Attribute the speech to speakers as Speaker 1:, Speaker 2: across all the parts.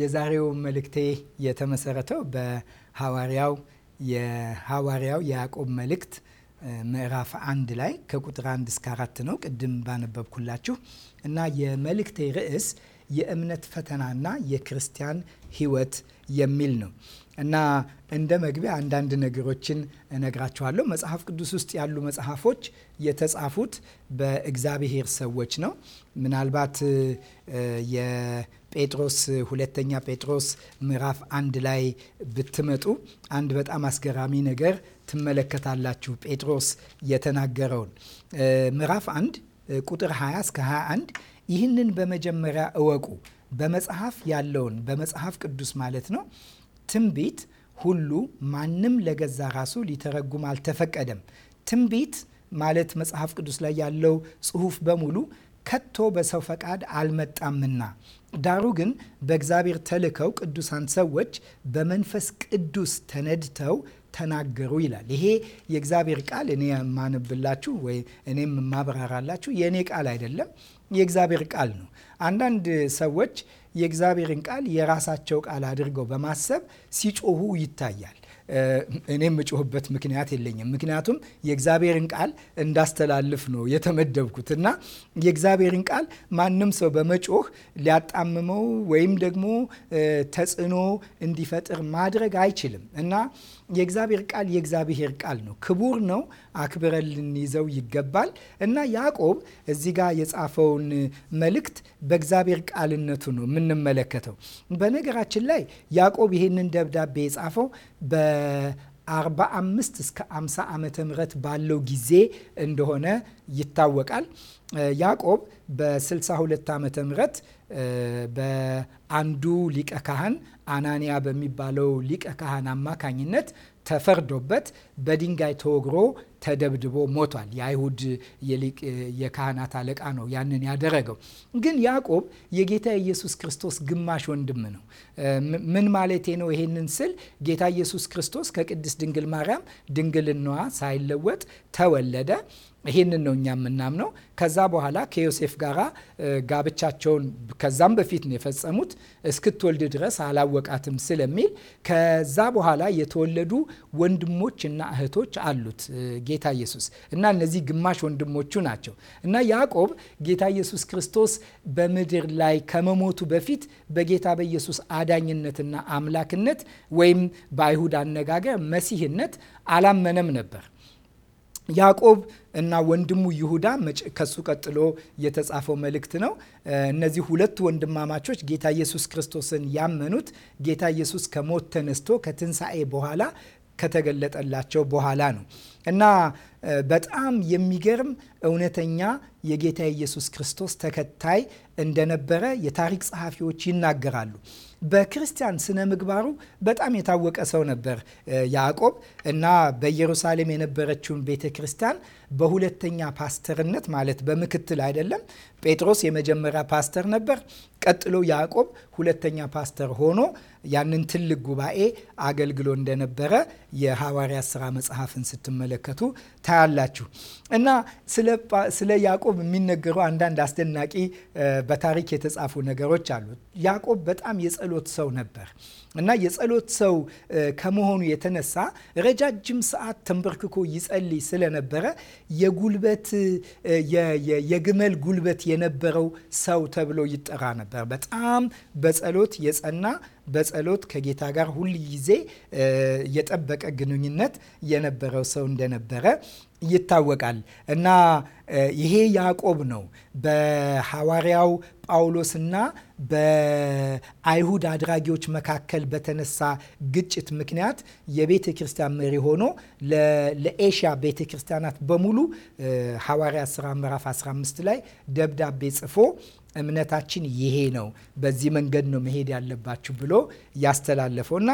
Speaker 1: የዛሬው መልእክቴ የተመሰረተው በሐዋርያው የሐዋርያው የያዕቆብ መልእክት ምዕራፍ አንድ ላይ ከቁጥር አንድ እስከ አራት ነው ቅድም ባነበብኩላችሁ እና የመልእክቴ ርዕስ የእምነት ፈተናና የክርስቲያን ህይወት የሚል ነው እና እንደ መግቢያ አንዳንድ ነገሮችን እነግራችኋለሁ። መጽሐፍ ቅዱስ ውስጥ ያሉ መጽሐፎች የተጻፉት በእግዚአብሔር ሰዎች ነው። ምናልባት የጴጥሮስ ሁለተኛ ጴጥሮስ ምዕራፍ አንድ ላይ ብትመጡ አንድ በጣም አስገራሚ ነገር ትመለከታላችሁ። ጴጥሮስ የተናገረውን ምዕራፍ አንድ ቁጥር 20 እስከ 21 ይህንን በመጀመሪያ እወቁ። በመጽሐፍ ያለውን በመጽሐፍ ቅዱስ ማለት ነው ትንቢት ሁሉ ማንም ለገዛ ራሱ ሊተረጉም አልተፈቀደም። ትንቢት ማለት መጽሐፍ ቅዱስ ላይ ያለው ጽሑፍ በሙሉ ከቶ በሰው ፈቃድ አልመጣምና ዳሩ ግን በእግዚአብሔር ተልከው ቅዱሳን ሰዎች በመንፈስ ቅዱስ ተነድተው ተናገሩ ይላል። ይሄ የእግዚአብሔር ቃል እኔ የማነብላችሁ ወይ እኔም የማብራራላችሁ የእኔ ቃል አይደለም። የእግዚአብሔር ቃል ነው። አንዳንድ ሰዎች የእግዚአብሔርን ቃል የራሳቸው ቃል አድርገው በማሰብ ሲጮሁ ይታያል። እኔም የምጮህበት ምክንያት የለኝም። ምክንያቱም የእግዚአብሔርን ቃል እንዳስተላልፍ ነው የተመደብኩት እና የእግዚአብሔርን ቃል ማንም ሰው በመጮህ ሊያጣምመው ወይም ደግሞ ተጽዕኖ እንዲፈጥር ማድረግ አይችልም እና የእግዚአብሔር ቃል የእግዚአብሔር ቃል ነው። ክቡር ነው። አክብረን ልንይዘው ይገባል እና ያዕቆብ እዚህ ጋር የጻፈውን መልእክት በእግዚአብሔር ቃልነቱ ነው የምንመለከተው። በነገራችን ላይ ያዕቆብ ይህንን ደብዳቤ የጻፈው በ45 እስከ አምሳ ዓመተ ምህረት ባለው ጊዜ እንደሆነ ይታወቃል። ያዕቆብ በ62 ዓመተ ምህረት በአንዱ ሊቀ ካህን አናንያ በሚባለው ሊቀ ካህን አማካኝነት ተፈርዶበት በድንጋይ ተወግሮ ተደብድቦ ሞቷል። የአይሁድ የሊቅ የካህናት አለቃ ነው ያንን ያደረገው። ግን ያዕቆብ የጌታ ኢየሱስ ክርስቶስ ግማሽ ወንድም ነው። ምን ማለቴ ነው? ይሄንን ስል ጌታ ኢየሱስ ክርስቶስ ከቅድስት ድንግል ማርያም ድንግልናዋ ሳይለወጥ ተወለደ። ይሄንን ነው እኛ የምናምነው። ከዛ በኋላ ከዮሴፍ ጋር ጋብቻቸውን ከዛም በፊት ነው የፈጸሙት። እስክትወልድ ድረስ አላወቃትም ስለሚል ከዛ በኋላ የተወለዱ እና እህቶች አሉት ጌታ ኢየሱስ እና እነዚህ ግማሽ ወንድሞቹ ናቸው እና ያዕቆብ ጌታ ኢየሱስ ክርስቶስ በምድር ላይ ከመሞቱ በፊት በጌታ በኢየሱስ አዳኝነትና አምላክነት ወይም በአይሁድ አነጋገር መሲህነት አላመነም ነበር ያዕቆብ እና ወንድሙ ይሁዳ ከሱ ቀጥሎ የተጻፈው መልእክት ነው። እነዚህ ሁለቱ ወንድማማቾች ጌታ ኢየሱስ ክርስቶስን ያመኑት ጌታ ኢየሱስ ከሞት ተነስቶ ከትንሣኤ በኋላ ከተገለጠላቸው በኋላ ነው እና በጣም የሚገርም እውነተኛ የጌታ ኢየሱስ ክርስቶስ ተከታይ እንደነበረ የታሪክ ጸሐፊዎች ይናገራሉ። በክርስቲያን ስነ ምግባሩ በጣም የታወቀ ሰው ነበር ያዕቆብ እና በኢየሩሳሌም የነበረችውን ቤተ ክርስቲያን በሁለተኛ ፓስተርነት ማለት በምክትል አይደለም። ጴጥሮስ የመጀመሪያ ፓስተር ነበር። ቀጥሎ ያዕቆብ ሁለተኛ ፓስተር ሆኖ ያንን ትልቅ ጉባኤ አገልግሎ እንደነበረ የሐዋርያ ስራ መጽሐፍን ስትመለከቱ ታያላችሁ። እና ስለ ያዕቆብ የሚነገሩ አንዳንድ አስደናቂ በታሪክ የተጻፉ ነገሮች አሉ። ያዕቆብ በጣም የጸሎት ሰው ነበር። እና የጸሎት ሰው ከመሆኑ የተነሳ ረጃጅም ሰዓት ተንበርክኮ ይጸልይ ስለነበረ የጉልበት የግመል ጉልበት የነበረው ሰው ተብሎ ይጠራ ነበር። በጣም በጸሎት የጸና በጸሎት ከጌታ ጋር ሁል ጊዜ የጠበቀ ግንኙነት የነበረው ሰው እንደነበረ ይታወቃል እና ይሄ ያዕቆብ ነው በሐዋርያው ጳውሎስና በአይሁድ አድራጊዎች መካከል በተነሳ ግጭት ምክንያት የቤተ ክርስቲያን መሪ ሆኖ ለኤሽያ ቤተ ክርስቲያናት በሙሉ ሐዋርያ ስራ ምዕራፍ 15 ላይ ደብዳቤ ጽፎ እምነታችን ይሄ ነው፣ በዚህ መንገድ ነው መሄድ ያለባችሁ ብሎ ያስተላለፈው እና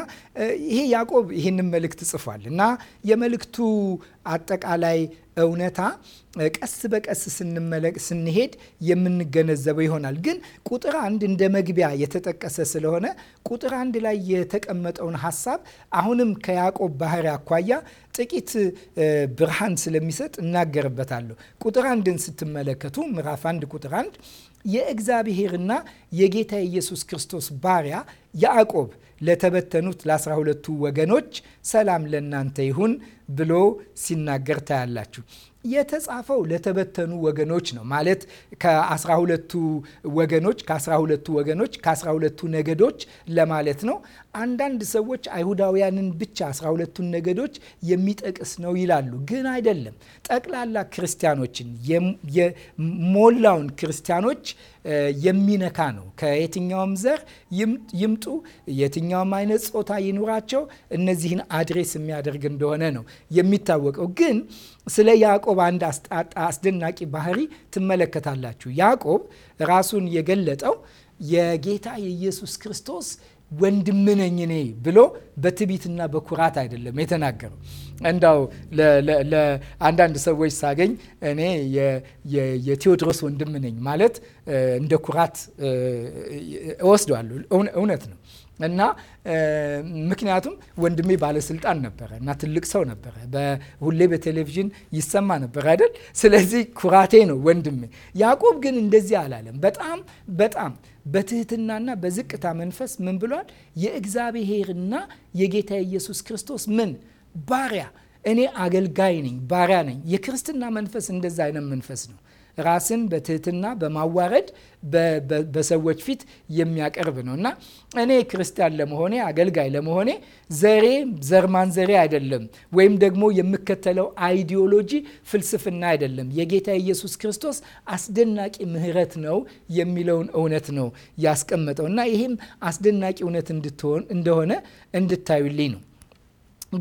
Speaker 1: ይሄ ያዕቆብ ይህንን መልእክት ጽፏል እና የመልእክቱ አጠቃላይ እውነታ ቀስ በቀስ ስንሄድ የምንገነዘበው ይሆናል። ግን ቁጥር አንድ እንደ መግቢያ የተጠቀሰ ስለሆነ ቁጥር አንድ ላይ የተቀመጠውን ሀሳብ አሁንም ከያዕቆብ ባህሪ አኳያ ጥቂት ብርሃን ስለሚሰጥ እናገርበታለሁ። ቁጥር አንድን ስትመለከቱ ምዕራፍ አንድ ቁጥር አንድ የእግዚአብሔርና የጌታ ኢየሱስ ክርስቶስ ባሪያ ያዕቆብ ለተበተኑት ለአስራ ሁለቱ ወገኖች ሰላም ለእናንተ ይሁን ብሎ ሲናገር ታያላችሁ። የተጻፈው ለተበተኑ ወገኖች ነው ማለት ከአስራ ሁለቱ ወገኖች ከአስራ ሁለቱ ወገኖች ከአስራ ሁለቱ ነገዶች ለማለት ነው። አንዳንድ ሰዎች አይሁዳውያንን ብቻ አስራ ሁለቱን ነገዶች የሚጠቅስ ነው ይላሉ። ግን አይደለም። ጠቅላላ ክርስቲያኖችን የሞላውን ክርስቲያኖች የሚነካ ነው። ከየትኛውም ዘር ይምጡ፣ የትኛውም አይነት ጾታ ይኑራቸው፣ እነዚህን አድሬስ የሚያደርግ እንደሆነ ነው የሚታወቀው። ግን ስለ ያዕቆብ አንድ አስደናቂ ባህሪ ትመለከታላችሁ። ያዕቆብ ራሱን የገለጠው የጌታ የኢየሱስ ክርስቶስ ወንድም ነኝ እኔ ብሎ በትቢትና በኩራት አይደለም የተናገረው። እንዳው ለአንዳንድ ሰዎች ሳገኝ እኔ የቴዎድሮስ ወንድም ነኝ ማለት እንደ ኩራት እወስደዋለሁ። እውነት ነው እና ምክንያቱም ወንድሜ ባለስልጣን ነበረ እና ትልቅ ሰው ነበረ። ሁሌ በቴሌቪዥን ይሰማ ነበር አይደል? ስለዚህ ኩራቴ ነው ወንድሜ። ያዕቆብ ግን እንደዚህ አላለም። በጣም በጣም በትህትናና በዝቅታ መንፈስ ምን ብሏል? የእግዚአብሔርና የጌታ ኢየሱስ ክርስቶስ ምን ባሪያ እኔ አገልጋይ ነኝ፣ ባሪያ ነኝ። የክርስትና መንፈስ እንደዛ አይነት መንፈስ ነው። ራስን በትህትና በማዋረድ በሰዎች ፊት የሚያቀርብ ነው እና እኔ ክርስቲያን ለመሆኔ አገልጋይ ለመሆኔ ዘሬ ዘርማን ዘሬ አይደለም፣ ወይም ደግሞ የምከተለው አይዲዮሎጂ ፍልስፍና አይደለም። የጌታ ኢየሱስ ክርስቶስ አስደናቂ ምሕረት ነው የሚለውን እውነት ነው ያስቀመጠው እና ይህም አስደናቂ እውነት እንደሆነ እንድታዩልኝ ነው።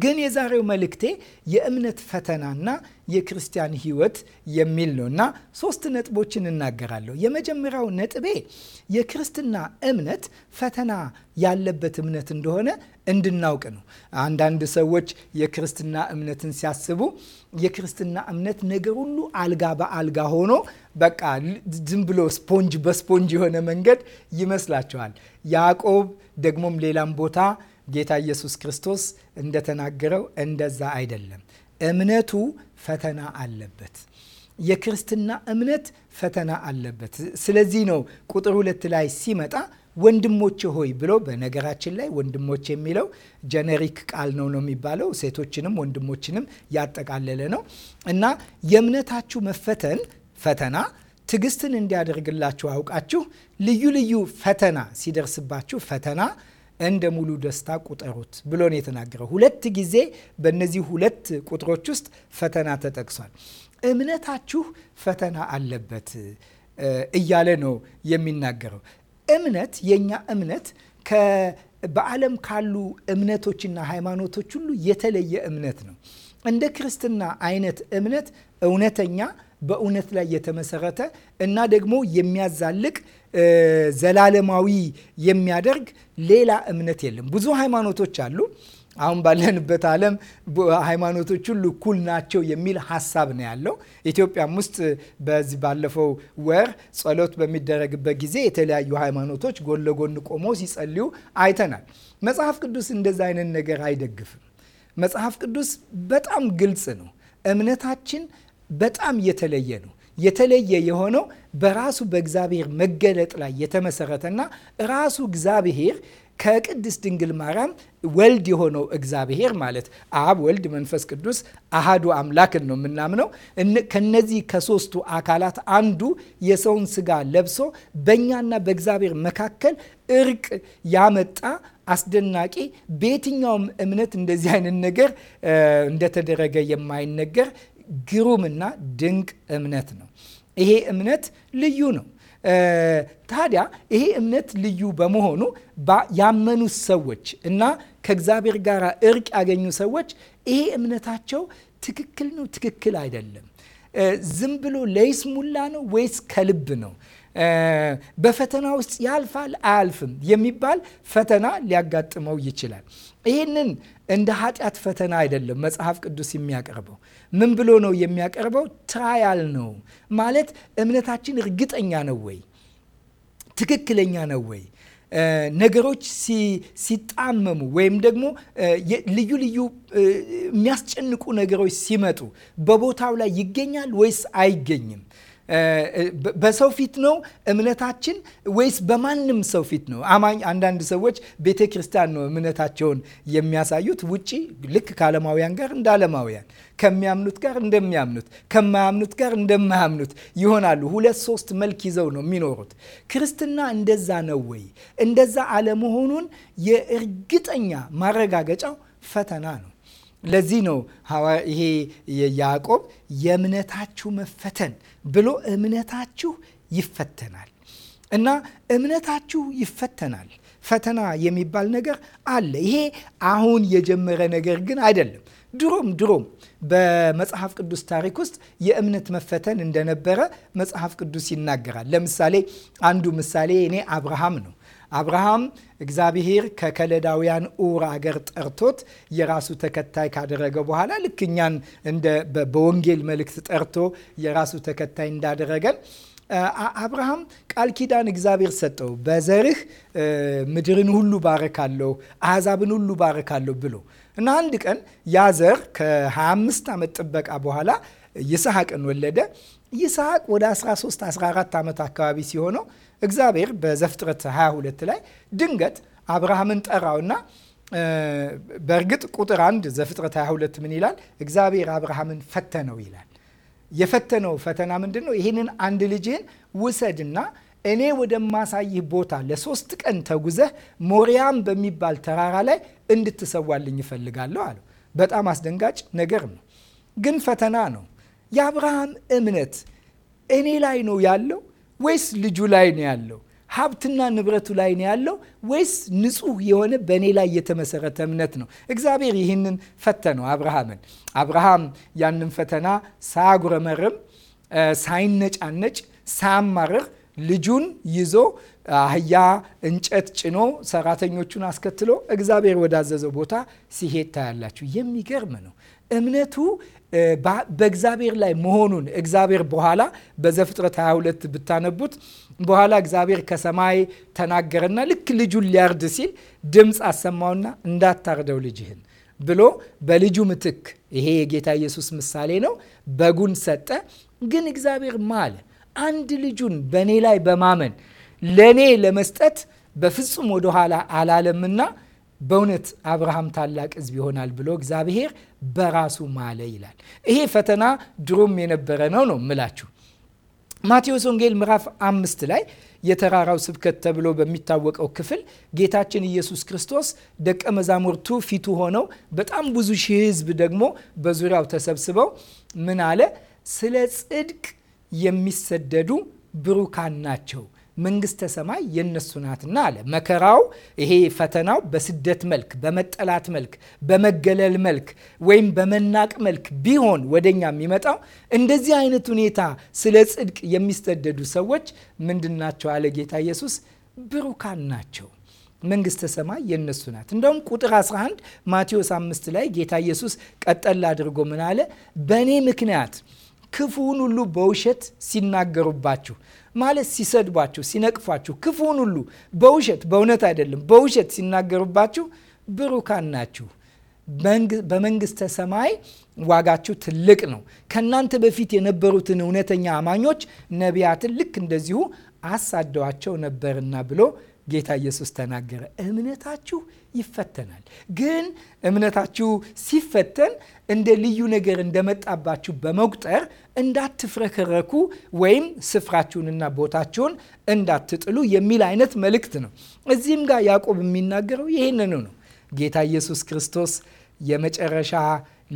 Speaker 1: ግን የዛሬው መልእክቴ የእምነት ፈተናና የክርስቲያን ህይወት የሚል ነው እና ሶስት ነጥቦችን እናገራለሁ። የመጀመሪያው ነጥቤ የክርስትና እምነት ፈተና ያለበት እምነት እንደሆነ እንድናውቅ ነው። አንዳንድ ሰዎች የክርስትና እምነትን ሲያስቡ የክርስትና እምነት ነገር ሁሉ አልጋ በአልጋ ሆኖ በቃ ዝም ብሎ ስፖንጅ በስፖንጅ የሆነ መንገድ ይመስላቸዋል። ያዕቆብ ደግሞም ሌላም ቦታ ጌታ ኢየሱስ ክርስቶስ እንደተናገረው እንደዛ አይደለም። እምነቱ ፈተና አለበት። የክርስትና እምነት ፈተና አለበት። ስለዚህ ነው ቁጥር ሁለት ላይ ሲመጣ ወንድሞች ሆይ ብሎ በነገራችን ላይ ወንድሞች የሚለው ጀነሪክ ቃል ነው ነው የሚባለው ሴቶችንም ወንድሞችንም ያጠቃለለ ነው እና የእምነታችሁ መፈተን ፈተና ትዕግስትን እንዲያደርግላችሁ አውቃችሁ ልዩ ልዩ ፈተና ሲደርስባችሁ ፈተና እንደ ሙሉ ደስታ ቁጠሩት ብሎ ነው የተናገረው። ሁለት ጊዜ በእነዚህ ሁለት ቁጥሮች ውስጥ ፈተና ተጠቅሷል። እምነታችሁ ፈተና አለበት እያለ ነው የሚናገረው። እምነት የእኛ እምነት በዓለም ካሉ እምነቶችና ሃይማኖቶች ሁሉ የተለየ እምነት ነው። እንደ ክርስትና አይነት እምነት እውነተኛ በእውነት ላይ የተመሰረተ እና ደግሞ የሚያዛልቅ ዘላለማዊ የሚያደርግ ሌላ እምነት የለም። ብዙ ሃይማኖቶች አሉ። አሁን ባለንበት ዓለም ሃይማኖቶች ሁሉ እኩል ናቸው የሚል ሀሳብ ነው ያለው። ኢትዮጵያም ውስጥ በዚህ ባለፈው ወር ጸሎት በሚደረግበት ጊዜ የተለያዩ ሃይማኖቶች ጎን ለጎን ቆመው ሲጸልዩ አይተናል። መጽሐፍ ቅዱስ እንደዛ አይነት ነገር አይደግፍም። መጽሐፍ ቅዱስ በጣም ግልጽ ነው። እምነታችን በጣም የተለየ ነው። የተለየ የሆነው በራሱ በእግዚአብሔር መገለጥ ላይ የተመሰረተና ራሱ እግዚአብሔር ከቅድስት ድንግል ማርያም ወልድ የሆነው እግዚአብሔር ማለት አብ፣ ወልድ፣ መንፈስ ቅዱስ አሃዱ አምላክን ነው የምናምነው። ከነዚህ ከሶስቱ አካላት አንዱ የሰውን ስጋ ለብሶ በእኛና በእግዚአብሔር መካከል እርቅ ያመጣ አስደናቂ በየትኛውም እምነት እንደዚህ አይነት ነገር እንደተደረገ የማይነገር ግሩምና ድንቅ እምነት ነው። ይሄ እምነት ልዩ ነው። ታዲያ ይሄ እምነት ልዩ በመሆኑ ያመኑት ሰዎች እና ከእግዚአብሔር ጋር እርቅ ያገኙ ሰዎች ይሄ እምነታቸው ትክክል ነው፣ ትክክል አይደለም፣ ዝም ብሎ ለይስሙላ ነው ወይስ ከልብ ነው? በፈተና ውስጥ ያልፋል አያልፍም የሚባል ፈተና ሊያጋጥመው ይችላል። ይህንን እንደ ኃጢአት ፈተና አይደለም መጽሐፍ ቅዱስ የሚያቀርበው። ምን ብሎ ነው የሚያቀርበው? ትራያል ነው ማለት እምነታችን እርግጠኛ ነው ወይ? ትክክለኛ ነው ወይ? ነገሮች ሲጣመሙ ወይም ደግሞ ልዩ ልዩ የሚያስጨንቁ ነገሮች ሲመጡ በቦታው ላይ ይገኛል ወይስ አይገኝም? በሰው ፊት ነው እምነታችን ወይስ በማንም ሰው ፊት ነው? አማኝ አንዳንድ ሰዎች ቤተ ክርስቲያን ነው እምነታቸውን የሚያሳዩት ውጪ ልክ ከዓለማውያን ጋር እንደ ዓለማውያን ከሚያምኑት ጋር እንደሚያምኑት ከማያምኑት ጋር እንደማያምኑት ይሆናሉ። ሁለት ሶስት መልክ ይዘው ነው የሚኖሩት። ክርስትና እንደዛ ነው ወይ? እንደዛ አለመሆኑን የእርግጠኛ ማረጋገጫው ፈተና ነው። ለዚህ ነው ይሄ ያዕቆብ የእምነታችሁ መፈተን ብሎ እምነታችሁ ይፈተናል እና እምነታችሁ ይፈተናል። ፈተና የሚባል ነገር አለ። ይሄ አሁን የጀመረ ነገር ግን አይደለም። ድሮም ድሮም በመጽሐፍ ቅዱስ ታሪክ ውስጥ የእምነት መፈተን እንደነበረ መጽሐፍ ቅዱስ ይናገራል። ለምሳሌ አንዱ ምሳሌ እኔ አብርሃም ነው አብርሃም እግዚአብሔር ከከለዳውያን ኡር አገር ጠርቶት የራሱ ተከታይ ካደረገ በኋላ ልክ እኛን እንደ በወንጌል መልእክት ጠርቶ የራሱ ተከታይ እንዳደረገን አብርሃም ቃል ኪዳን እግዚአብሔር ሰጠው። በዘርህ ምድርን ሁሉ ባረካለሁ፣ አሕዛብን ሁሉ ባረካለሁ ብሎ እና አንድ ቀን ያ ዘር ከ25 ዓመት ጥበቃ በኋላ ይስሐቅን ወለደ። ይስሐቅ ወደ 13 14 ዓመት አካባቢ ሲሆነው እግዚአብሔር በዘፍጥረት 22 ላይ ድንገት አብርሃምን ጠራውና በእርግጥ ቁጥር አንድ ዘፍጥረት 22 ምን ይላል? እግዚአብሔር አብርሃምን ፈተነው ይላል። የፈተነው ፈተና ምንድን ነው? ይህንን አንድ ልጅህን ውሰድና እኔ ወደማሳይህ ቦታ ለሶስት ቀን ተጉዘህ ሞሪያም በሚባል ተራራ ላይ እንድትሰዋልኝ እፈልጋለሁ አለው። በጣም አስደንጋጭ ነገር ነው፣ ግን ፈተና ነው። የአብርሃም እምነት እኔ ላይ ነው ያለው ወይስ ልጁ ላይ ነው ያለው? ሀብትና ንብረቱ ላይ ነው ያለው ወይስ ንጹህ የሆነ በእኔ ላይ የተመሰረተ እምነት ነው? እግዚአብሔር ይህንን ፈተነው አብርሃምን። አብርሃም ያንን ፈተና ሳያጉረመርም፣ ሳይነጫነጭ፣ ሳያማርር ልጁን ይዞ አህያ እንጨት ጭኖ ሰራተኞቹን አስከትሎ እግዚአብሔር ወዳዘዘው ቦታ ሲሄድ ታያላችሁ። የሚገርም ነው። እምነቱ በእግዚአብሔር ላይ መሆኑን እግዚአብሔር በኋላ በዘፍጥረት 22 ብታነቡት በኋላ እግዚአብሔር ከሰማይ ተናገረና ልክ ልጁን ሊያርድ ሲል ድምፅ አሰማውና እንዳታርደው ልጅህን ብሎ በልጁ ምትክ ይሄ የጌታ ኢየሱስ ምሳሌ ነው፣ በጉን ሰጠ። ግን እግዚአብሔር ማለ አንድ ልጁን በእኔ ላይ በማመን ለእኔ ለመስጠት በፍጹም ወደኋላ አላለምና በእውነት አብርሃም ታላቅ ሕዝብ ይሆናል ብሎ እግዚአብሔር በራሱ ማለ ይላል። ይሄ ፈተና ድሮም የነበረ ነው ነው ምላችሁ ማቴዎስ ወንጌል ምዕራፍ አምስት ላይ የተራራው ስብከት ተብሎ በሚታወቀው ክፍል ጌታችን ኢየሱስ ክርስቶስ ደቀ መዛሙርቱ ፊቱ ሆነው በጣም ብዙ ሺህ ሕዝብ ደግሞ በዙሪያው ተሰብስበው ምን አለ? ስለ ጽድቅ የሚሰደዱ ብሩካን ናቸው መንግስተ ሰማይ የነሱ ናትና አለ። መከራው ይሄ ፈተናው በስደት መልክ፣ በመጠላት መልክ፣ በመገለል መልክ ወይም በመናቅ መልክ ቢሆን ወደኛ የሚመጣው እንደዚህ አይነት ሁኔታ ስለ ጽድቅ የሚሰደዱ ሰዎች ምንድናቸው አለ ጌታ ኢየሱስ ብሩካን ናቸው። መንግስተ ሰማይ የነሱ ናት። እንደውም ቁጥር 11 ማቴዎስ 5 ላይ ጌታ ኢየሱስ ቀጠል አድርጎ ምን አለ? በእኔ ምክንያት ክፉውን ሁሉ በውሸት ሲናገሩባችሁ ማለት ሲሰድቧችሁ፣ ሲነቅፏችሁ ክፉውን ሁሉ በውሸት በእውነት አይደለም በውሸት ሲናገሩባችሁ ብሩካን ናችሁ። በመንግስተ ሰማይ ዋጋችሁ ትልቅ ነው። ከእናንተ በፊት የነበሩትን እውነተኛ አማኞች ነቢያትን ልክ እንደዚሁ አሳደዋቸው ነበርና ብሎ ጌታ ኢየሱስ ተናገረ። እምነታችሁ ይፈተናል። ግን እምነታችሁ ሲፈተን እንደ ልዩ ነገር እንደመጣባችሁ በመቁጠር እንዳትፍረከረኩ ወይም ስፍራችሁንና ቦታችሁን እንዳትጥሉ የሚል አይነት መልእክት ነው። እዚህም ጋር ያዕቆብ የሚናገረው ይህንኑ ነው። ጌታ ኢየሱስ ክርስቶስ የመጨረሻ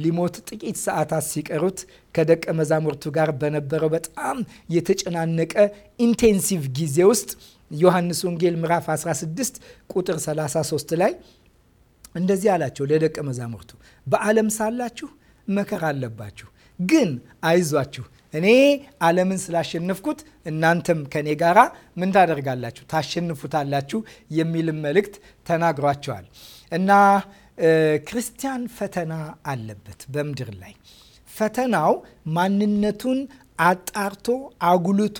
Speaker 1: ሊሞት ጥቂት ሰዓታት ሲቀሩት ከደቀ መዛሙርቱ ጋር በነበረው በጣም የተጨናነቀ ኢንቴንሲቭ ጊዜ ውስጥ ዮሐንስ ወንጌል ምዕራፍ 16 ቁጥር 33 ላይ እንደዚህ አላቸው ለደቀ መዛሙርቱ፣ በዓለም ሳላችሁ መከራ አለባችሁ፣ ግን አይዟችሁ፣ እኔ ዓለምን ስላሸነፍኩት እናንተም ከኔ ጋራ ምን ታደርጋላችሁ? ታሸንፉታላችሁ የሚልም መልእክት ተናግሯቸዋል እና ክርስቲያን ፈተና አለበት በምድር ላይ ፈተናው ማንነቱን አጣርቶ አጉልቶ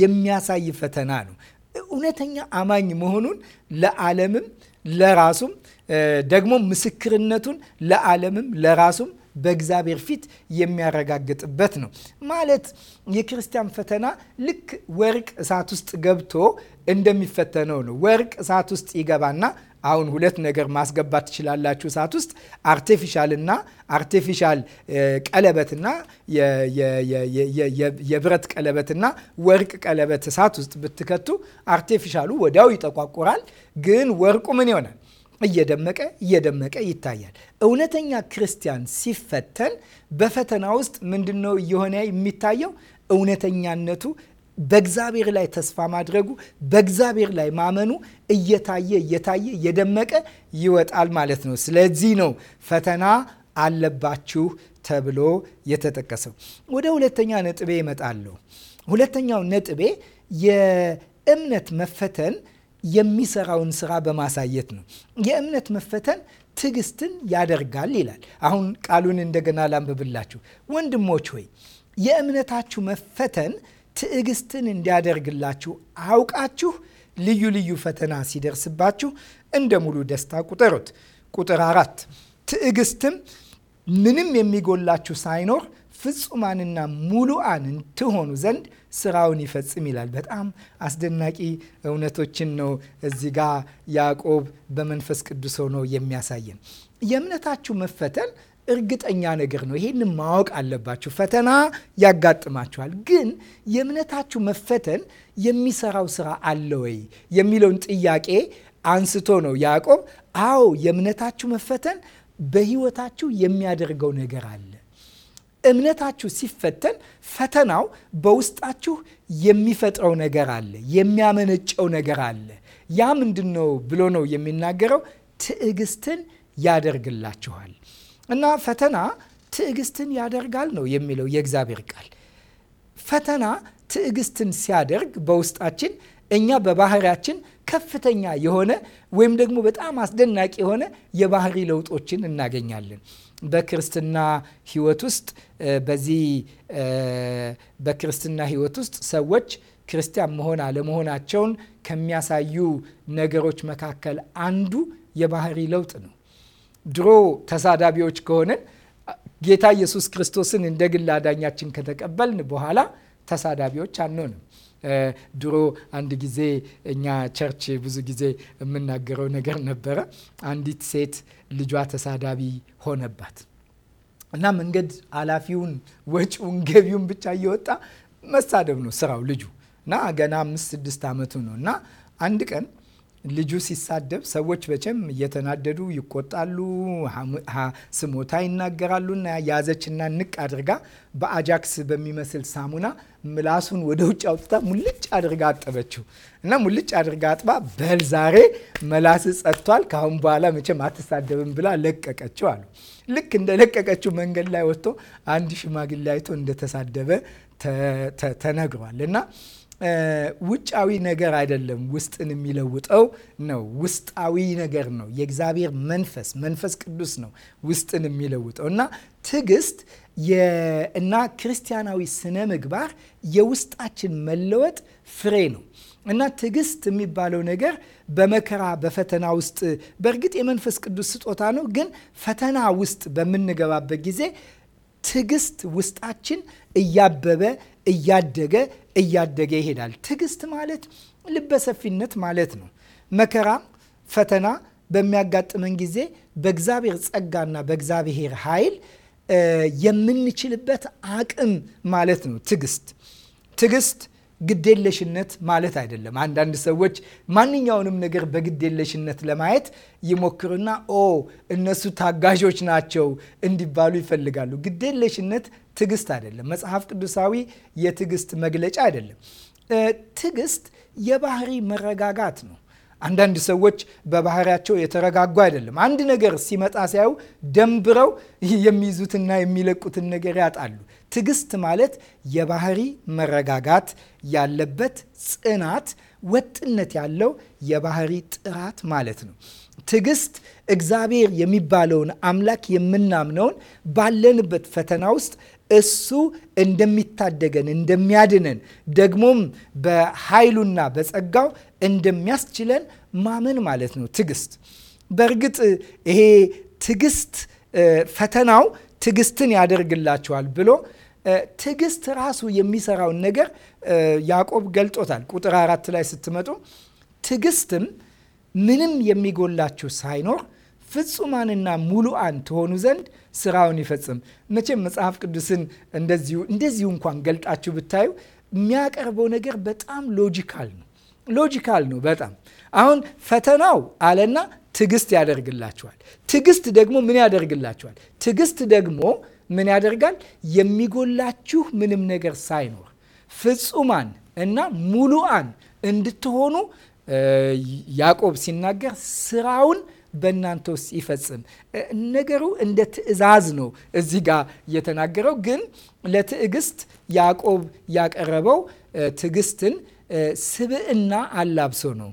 Speaker 1: የሚያሳይ ፈተና ነው። እውነተኛ አማኝ መሆኑን ለዓለምም ለራሱም ደግሞ ምስክርነቱን ለዓለምም ለራሱም በእግዚአብሔር ፊት የሚያረጋግጥበት ነው። ማለት የክርስቲያን ፈተና ልክ ወርቅ እሳት ውስጥ ገብቶ እንደሚፈተነው ነው። ወርቅ እሳት ውስጥ ይገባና አሁን ሁለት ነገር ማስገባት ትችላላችሁ እሳት ውስጥ አርቴፊሻልና አርቴፊሻል ቀለበትና የብረት ቀለበትና ወርቅ ቀለበት እሳት ውስጥ ብትከቱ አርቴፊሻሉ ወዲያው ይጠቋቁራል። ግን ወርቁ ምን ይሆናል? እየደመቀ እየደመቀ ይታያል። እውነተኛ ክርስቲያን ሲፈተን በፈተና ውስጥ ምንድን ነው እየሆነ የሚታየው? እውነተኛነቱ በእግዚአብሔር ላይ ተስፋ ማድረጉ በእግዚአብሔር ላይ ማመኑ እየታየ እየታየ እየደመቀ ይወጣል ማለት ነው። ስለዚህ ነው ፈተና አለባችሁ ተብሎ የተጠቀሰው። ወደ ሁለተኛ ነጥቤ እመጣለሁ። ሁለተኛው ነጥቤ የእምነት መፈተን የሚሰራውን ስራ በማሳየት ነው። የእምነት መፈተን ትዕግስትን ያደርጋል ይላል። አሁን ቃሉን እንደገና ላንብብላችሁ። ወንድሞች ሆይ የእምነታችሁ መፈተን ትዕግስትን እንዲያደርግላችሁ አውቃችሁ ልዩ ልዩ ፈተና ሲደርስባችሁ እንደ ሙሉ ደስታ ቁጠሩት። ቁጥር አራት ትዕግስትም ምንም የሚጎላችሁ ሳይኖር ፍጹማንና ሙሉአንን ትሆኑ ዘንድ ስራውን ይፈጽም ይላል። በጣም አስደናቂ እውነቶችን ነው እዚህ ጋ ያዕቆብ በመንፈስ ቅዱስ ሆኖ የሚያሳየን። የእምነታችሁ መፈተን እርግጠኛ ነገር ነው። ይሄንን ማወቅ አለባችሁ። ፈተና ያጋጥማችኋል። ግን የእምነታችሁ መፈተን የሚሰራው ስራ አለ ወይ የሚለውን ጥያቄ አንስቶ ነው ያዕቆብ። አዎ የእምነታችሁ መፈተን በህይወታችሁ የሚያደርገው ነገር አለ። እምነታችሁ ሲፈተን ፈተናው በውስጣችሁ የሚፈጥረው ነገር አለ፣ የሚያመነጨው ነገር አለ። ያ ምንድን ነው ብሎ ነው የሚናገረው? ትዕግስትን ያደርግላችኋል። እና ፈተና ትዕግስትን ያደርጋል ነው የሚለው የእግዚአብሔር ቃል። ፈተና ትዕግስትን ሲያደርግ በውስጣችን እኛ በባህሪያችን ከፍተኛ የሆነ ወይም ደግሞ በጣም አስደናቂ የሆነ የባህሪ ለውጦችን እናገኛለን። በክርስትና ሕይወት ውስጥ በዚህ በክርስትና ሕይወት ውስጥ ሰዎች ክርስቲያን መሆን አለመሆናቸውን ከሚያሳዩ ነገሮች መካከል አንዱ የባህሪ ለውጥ ነው። ድሮ ተሳዳቢዎች ከሆንን ጌታ ኢየሱስ ክርስቶስን እንደ ግል አዳኛችን ከተቀበልን በኋላ ተሳዳቢዎች አንሆንም። ድሮ አንድ ጊዜ እኛ ቸርች ብዙ ጊዜ የምናገረው ነገር ነበረ። አንዲት ሴት ልጇ ተሳዳቢ ሆነባት እና መንገድ አላፊውን ወጪውን፣ ገቢውን ብቻ እየወጣ መሳደብ ነው ስራው ልጁ እና ገና አምስት ስድስት ዓመቱ ነው እና አንድ ቀን ልጁ ሲሳደብ ሰዎች በቸም እየተናደዱ ይቆጣሉ፣ ስሞታ ይናገራሉና ያዘችና ንቅ አድርጋ በአጃክስ በሚመስል ሳሙና ምላሱን ወደ ውጭ አውጥታ ሙልጭ አድርጋ አጠበችው እና ሙልጭ አድርጋ አጥባ በል ዛሬ መላስ ጸጥቷል፣ ካሁን በኋላ መቼም አትሳደብም ብላ ለቀቀችው አሉ። ልክ እንደ ለቀቀችው መንገድ ላይ ወጥቶ አንድ ሽማግሌ አይቶ እንደተሳደበ ተነግሯል እና ውጫዊ ነገር አይደለም፣ ውስጥን የሚለውጠው ነው። ውስጣዊ ነገር ነው። የእግዚአብሔር መንፈስ መንፈስ ቅዱስ ነው ውስጥን የሚለውጠው እና ትዕግስት እና ክርስቲያናዊ ስነ ምግባር የውስጣችን መለወጥ ፍሬ ነው እና ትዕግስት የሚባለው ነገር በመከራ በፈተና ውስጥ በእርግጥ የመንፈስ ቅዱስ ስጦታ ነው፣ ግን ፈተና ውስጥ በምንገባበት ጊዜ ትዕግስት ውስጣችን እያበበ እያደገ እያደገ ይሄዳል። ትዕግስት ማለት ልበሰፊነት ማለት ነው። መከራ ፈተና በሚያጋጥመን ጊዜ በእግዚአብሔር ጸጋና በእግዚአብሔር ኃይል የምንችልበት አቅም ማለት ነው ትዕግስት ትዕግስት ግዴለሽነት ማለት አይደለም። አንዳንድ ሰዎች ማንኛውንም ነገር በግዴለሽነት ለማየት ይሞክሩና ኦ እነሱ ታጋዦች ናቸው እንዲባሉ ይፈልጋሉ። ግዴለሽነት ትዕግስት አይደለም። መጽሐፍ ቅዱሳዊ የትዕግስት መግለጫ አይደለም። ትዕግስት የባህሪ መረጋጋት ነው። አንዳንድ ሰዎች በባህሪያቸው የተረጋጉ አይደለም። አንድ ነገር ሲመጣ ሲያዩ ደንብረው የሚይዙትና የሚለቁትን ነገር ያጣሉ። ትዕግስት ማለት የባህሪ መረጋጋት ያለበት ጽናት፣ ወጥነት ያለው የባህሪ ጥራት ማለት ነው። ትዕግስት እግዚአብሔር የሚባለውን አምላክ የምናምነውን ባለንበት ፈተና ውስጥ እሱ እንደሚታደገን እንደሚያድነን ደግሞም በኃይሉና በጸጋው እንደሚያስችለን ማመን ማለት ነው ትዕግስት። በእርግጥ ይሄ ትዕግስት ፈተናው ትዕግስትን ያደርግላቸዋል ብሎ ትዕግስት ራሱ የሚሰራውን ነገር ያዕቆብ ገልጦታል። ቁጥር አራት ላይ ስትመጡ ትዕግስትም ምንም የሚጎላችሁ ሳይኖር ፍጹማንና ሙሉአን ትሆኑ ዘንድ ስራውን ይፈጽም። መቼም መጽሐፍ ቅዱስን እንደዚሁ እንደዚሁ እንኳን ገልጣችሁ ብታዩ የሚያቀርበው ነገር በጣም ሎጂካል ነው። ሎጂካል ነው በጣም አሁን ፈተናው አለና ትዕግስት ያደርግላችኋል። ትዕግስት ደግሞ ምን ያደርግላችኋል? ትዕግስት ደግሞ ምን ያደርጋል? የሚጎላችሁ ምንም ነገር ሳይኖር ፍጹማን እና ሙሉአን እንድትሆኑ ያዕቆብ ሲናገር ስራውን በእናንተ ውስጥ ይፈጽም። ነገሩ እንደ ትዕዛዝ ነው እዚህ ጋር የተናገረው። ግን ለትዕግስት ያዕቆብ ያቀረበው ትዕግስትን ስብዕና አላብሶ ነው።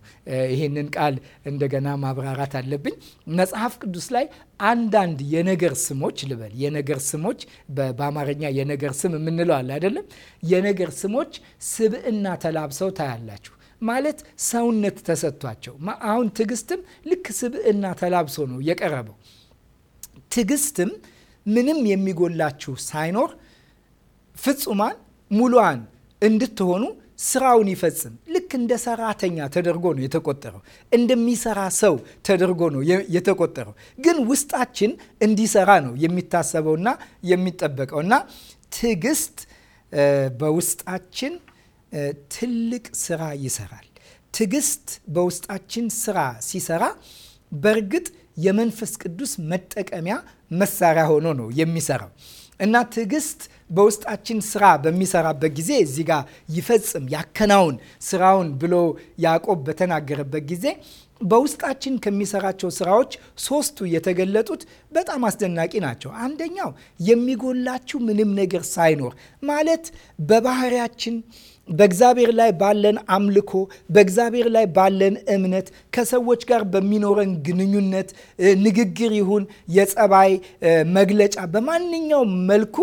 Speaker 1: ይህንን ቃል እንደገና ማብራራት አለብኝ። መጽሐፍ ቅዱስ ላይ አንዳንድ የነገር ስሞች ልበል፣ የነገር ስሞች በአማርኛ የነገር ስም የምንለው አለ አይደለም? የነገር ስሞች ስብዕና ተላብሰው ታያላችሁ። ማለት ሰውነት ተሰጥቷቸው አሁን ትዕግስትም ልክ ስብዕና ተላብሶ ነው የቀረበው። ትዕግስትም ምንም የሚጎላችሁ ሳይኖር ፍጹማን ሙሉዋን እንድትሆኑ ስራውን ይፈጽም። ልክ እንደ ሰራተኛ ተደርጎ ነው የተቆጠረው፣ እንደሚሰራ ሰው ተደርጎ ነው የተቆጠረው። ግን ውስጣችን እንዲሰራ ነው የሚታሰበውና የሚጠበቀው እና ትዕግስት በውስጣችን ትልቅ ስራ ይሰራል። ትዕግስት በውስጣችን ስራ ሲሰራ በእርግጥ የመንፈስ ቅዱስ መጠቀሚያ መሳሪያ ሆኖ ነው የሚሰራው። እና ትዕግስት በውስጣችን ስራ በሚሰራበት ጊዜ እዚህ ጋር ይፈጽም ያከናውን ስራውን ብሎ ያዕቆብ በተናገረበት ጊዜ በውስጣችን ከሚሰራቸው ስራዎች ሶስቱ የተገለጡት በጣም አስደናቂ ናቸው። አንደኛው የሚጎላችሁ ምንም ነገር ሳይኖር ማለት በባህሪያችን በእግዚአብሔር ላይ ባለን አምልኮ፣ በእግዚአብሔር ላይ ባለን እምነት፣ ከሰዎች ጋር በሚኖረን ግንኙነት፣ ንግግር ይሁን የጸባይ መግለጫ፣ በማንኛውም መልኩ